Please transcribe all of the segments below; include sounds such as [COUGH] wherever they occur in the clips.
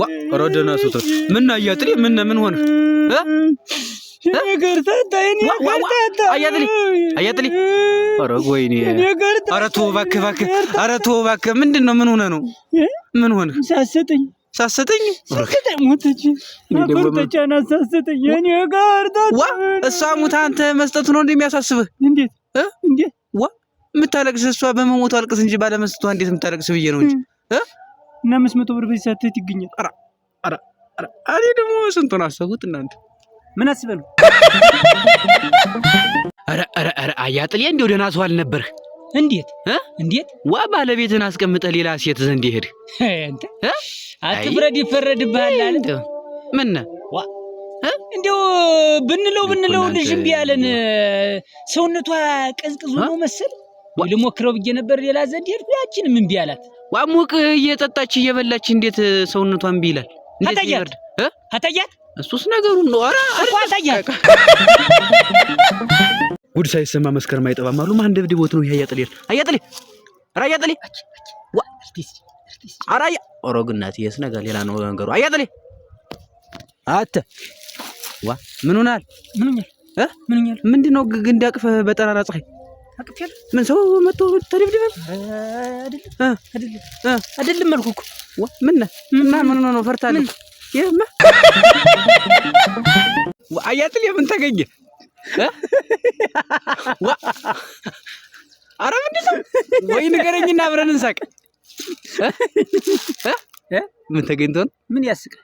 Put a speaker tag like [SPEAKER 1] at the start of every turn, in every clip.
[SPEAKER 1] ዋ ረደና ሶቶ ምን አያጥሪ ምን ምን ሆነ አያጥሊ ምን ሆነህ ነው ምን ሆነህ ሳሰጠኝ ሳሰጠኝ እሷ ሙታ አንተ መስጠቱ ነው እንደሚያሳስብህ
[SPEAKER 2] እንዴት እንዴት ዋ
[SPEAKER 1] የምታለቅስ እሷ በመሞቷ አልቅስ እንጂ ባለመስጠቷ እንዴት የምታለቅስ ብዬ ነው እንጂ
[SPEAKER 2] እና አምስት መቶ ብር በዚህ ሰዓት ይገኛል።
[SPEAKER 1] ኧረ ኧረ ኧረ እኔ ደግሞ ስንቱን አሰቡት እናንተ ምን አስበሉ። ኧረ ኧረ ኧረ አያጥሌ እንደው ደህና ሰው አልነበርህ።
[SPEAKER 2] እንዴት እንዴት
[SPEAKER 1] ዋ ባለቤትን አስቀምጠህ ሌላ ሴት ዘንድ ይሄድ
[SPEAKER 2] አንተ አትፍረድ ይፈረድብሃል። አንተ ምን እንዲው ብንለው ብንለው ልጅ እምቢ አለን። ሰውነቷ ቀዝቅዞ ነው መሰል ልሞክረው ብዬ ነበር ሌላ ዘንድ ሄድኩ። ያችንም እምቢ አላት።
[SPEAKER 1] ዋሙቅ እየጠጣች እየበላች እንዴት ሰውነቷ እምቢ ይላል?
[SPEAKER 2] አታያት አታያት።
[SPEAKER 1] እሱስ ነገሩ ነው። ኧረ
[SPEAKER 2] አታያት። [LAUGHS]
[SPEAKER 1] ጉድ ሳይሰማ መስከረም አይጠባም አሉ። ማን ደብድቦት ነው ይሄ? አያጥሌ አያጥሌ ኧረ አያጥሌ ዋ ኧረ አያ ኧረ ግናት የስ ነገር ሌላ ነው ነገሩ። አያጥሌ አተ ዋ ምን ሆናል? ምን ሆናል? ምንድን ነው ግንድ አቅፈህ በጠራራ ፀሐይ ምን ሰው መቶ ተደብድበን
[SPEAKER 2] አይደለም አልኩ እኮ። ምን ምን ነው ፈርታለሁ።
[SPEAKER 1] ይህማ አያጥል የምን ተገኘ? አረ ምንድን ነው ወይ ንገረኝና አብረን እንሳቅ። ምን ተገኝቶ ነው? ምን ያስቃል?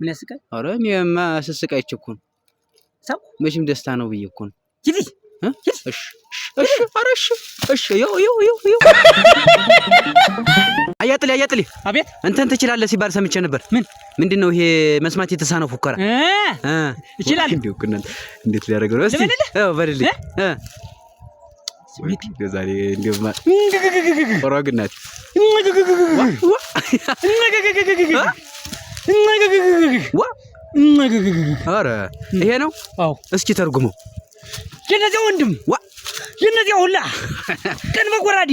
[SPEAKER 1] ምን ያስቃል? አረ እኔማ ስስቃ ይቸኩን መቼም ደስታ ነው ብዬ እኮ ነው አያጥሌ አያጥሌ፣ አቤት እንትን ትችላለህ ሲባል ሰምቼ ነበር። ምን ምንድን ነው ይሄ? መስማት የተሳነው ፉከራ ይችላል። እንዴት ሊያደርግ ነው? ይሄ ነው። እስኪ ተርጉመው
[SPEAKER 2] የነዚያ ወንድም የነዚያ ሁላ ቀን በጎራዴ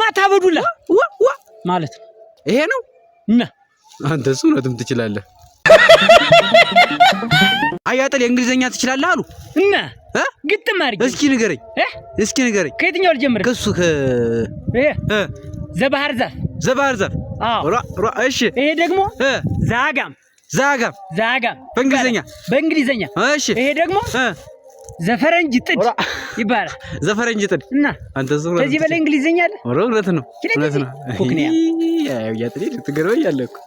[SPEAKER 2] ማታ በዱላ ዋ ማለት ነው። ይሄ ነው እና
[SPEAKER 1] አንተ እሱ እውነትም ትችላለህ። አያጠል የእንግሊዘኛ ትችላለህ አሉ
[SPEAKER 2] እና ግጥም አድርጌ
[SPEAKER 1] እስኪ ንገረኝ፣ እስኪ ንገረኝ።
[SPEAKER 2] ከየትኛው ልጀምር? ከሱ ከ ዘባህር ዛፍ
[SPEAKER 1] ዘባህር ዛፍ። እሺ
[SPEAKER 2] ይሄ ደግሞ ዛጋም ዛጋም ዛጋም በእንግሊዘኛ በእንግሊዘኛ። እሺ ይሄ ደግሞ ዘፈረንጅ ጥድ ይባላል። ዘፈረንጅ ጥድ እና አንተ እሱ ከዚህ በላይ እንግሊዝኛ አለ። እውነት ነው፣ እውነት ነው።
[SPEAKER 1] ያው እያጥሪ ትገርበኛለህ